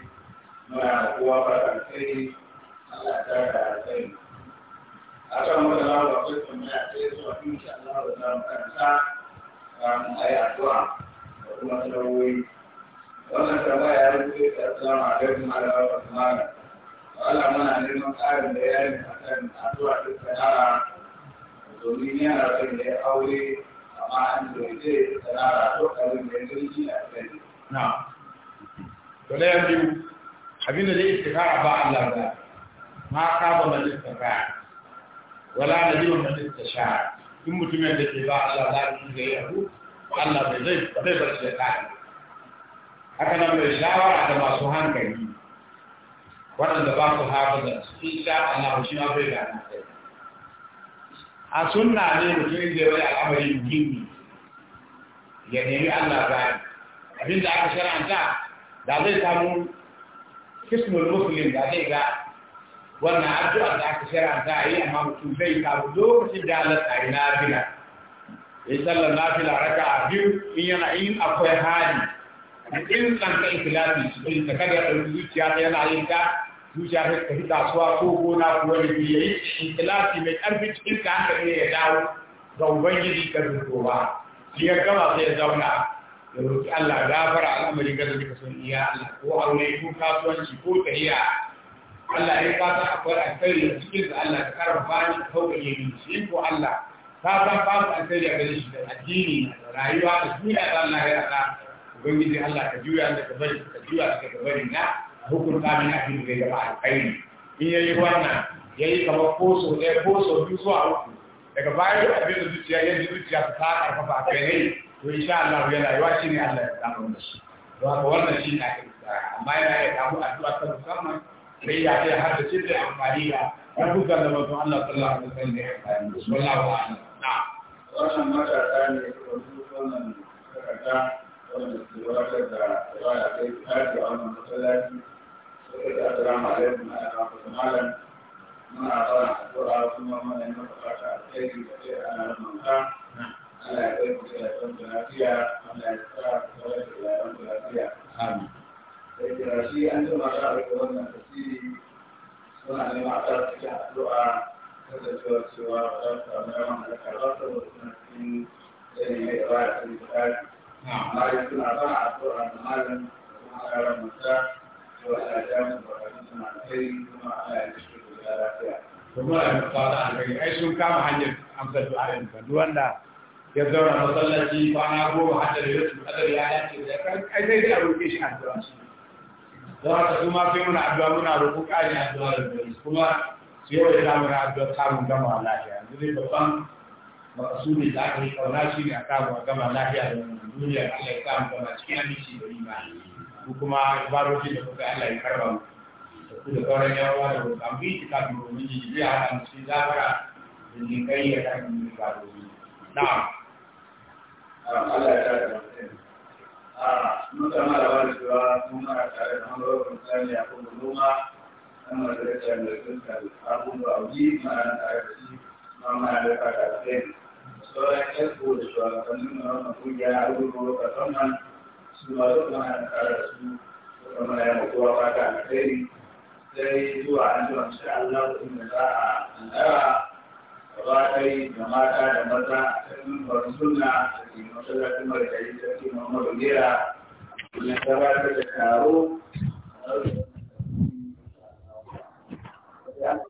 muna da kowa fata sai Allah ta da sai a kan wata lawa da kai kuma ya sai su a fi shi Allah da zamu karanta mu a yi addu'a da kuma talawoyi wannan tambaya ya rubuta assalamu alaikum ala wa rahmatullahi Allah muna neman tsarin da ya yi a kan addu'a duk sanara domin yana rai da ya aure amma an doje sanara to kalin da ya zurfi a kai. Na. To da yanzu abin da zai istikara ba Allah ba ma ka ba majalisa ba wala na yi wa majalisa sha in mutumin da ke ba Allah za su ga yahu Allah bai zai bar shi da tsari. Haka nan mai shawara da masu hankali he waɗanda ba ku hafiza in sha Allah shi ma bai gana kai a sunna ne mutum zai wani al'amari muhimmi ya nemi Allah gani abin da aka shara'anta da zai samu kismul muslim da zai ga wannan addu'ar da aka shara'anta a yi amma mutum zai samu lokacin da Allah ta yi nafila ya yi sallar nafila raka a biyu in yana in akwai hali in أقوى ka ikilafi su ta kada ɗauki zuciya ta yana yin عليك zuciya ta tafi kasuwa ko gona ko wani biyu yayi intilasi mai karfi cikin ka haka ne ya dawo ga ubangiji ka zuwa ba shi ya gama sai ya zauna ya roƙi Allah gafara al'amari ga da son iya Allah ko aure ko kasuwanci ko tahiya Allah ya fata akwai alkhairi a cikin da Allah ka karfafa ni ko ne yi shi ko Allah ta san babu alkhairi a gare shi da addini da rayuwa da duniya ta Allah ya ta ubangiji Allah ka juya da ka bari ka juya da ka bari na rukun ake abin da ya zama alkhairi in ya yi wannan ya yi kamar koso ɗaya koso biyu zuwa uku daga baya duk abin da zuciya ya ji zuciya ta karfafa a kai ne to insha Allah ya rayuwa shi ne Allah ya samu da shi don haka wannan shi ne ake amma yana iya samu addu'a ta musamman sai ya kai har da shi da amfani da rabukan da mutum Allah sallallahu alaihi wasallam ya amfani da su wallahu a'lam na'am wannan matasa ne wannan takarda wanda ke wadatar da ya kai tsari a wannan masallaci السلام عليكم ورحمة الله من أعطانا القرآن ثم من ينفقك عليه وشيء أنا لمن كان ألا يكون إلى سنة العافية ألا يستطيع الصلاة إلى سنة العافية آمين فإذا شيء أنتم أشاركوا من تسيري سنة لما أعطاك الدعاء كتبت سوى وقفت أمام لك الغفر وكنا في يعني رأي في الحال نعم. ما يكون أعطانا القرآن مالا وما أرى المساء ai sun kama hanyar amsar du'a'in ka wanda ya zaura masallaci kwana goma hada da rashin kadar ya yace da kan ai sai dai a shi addu'a don haka su ma sai muna addu'a muna roƙo ƙarin addu'a da gari kuma su yau da zamuna addu'a samun gama lafiya yanzu dai babban makasudi da aka yi kauna shi ne a samu gama lafiya da duniya Allah ya samu gama cikin aminci da imani ku kuma ibarorin da kuka Allah ya karba mu da ku da sauran yawa da ku an bi kafin mu mun ji zai hada mu cikin zafara da ni kai ya kan mu ibarorin na'am Allah ya tsare a mun kama da wani cewa mun mara tare da hanyoyin tsari a kuma noma an ma da tsari da tsari abubuwa a wuri mara tare da shi ma mara da fata da tsari sauran yan ko da shugabannin na ko kungiya abubuwa ka musamman su ma duk nan da su kuma mana ya mutuwa fata a kai sai zuwa an zuwa insha Allah inda za a tsara gabatai da mata da maza a cikin barin sunna da ke masallacin marigayi sarki Muhammadu Gera ta gabatar da taro a ɗaukar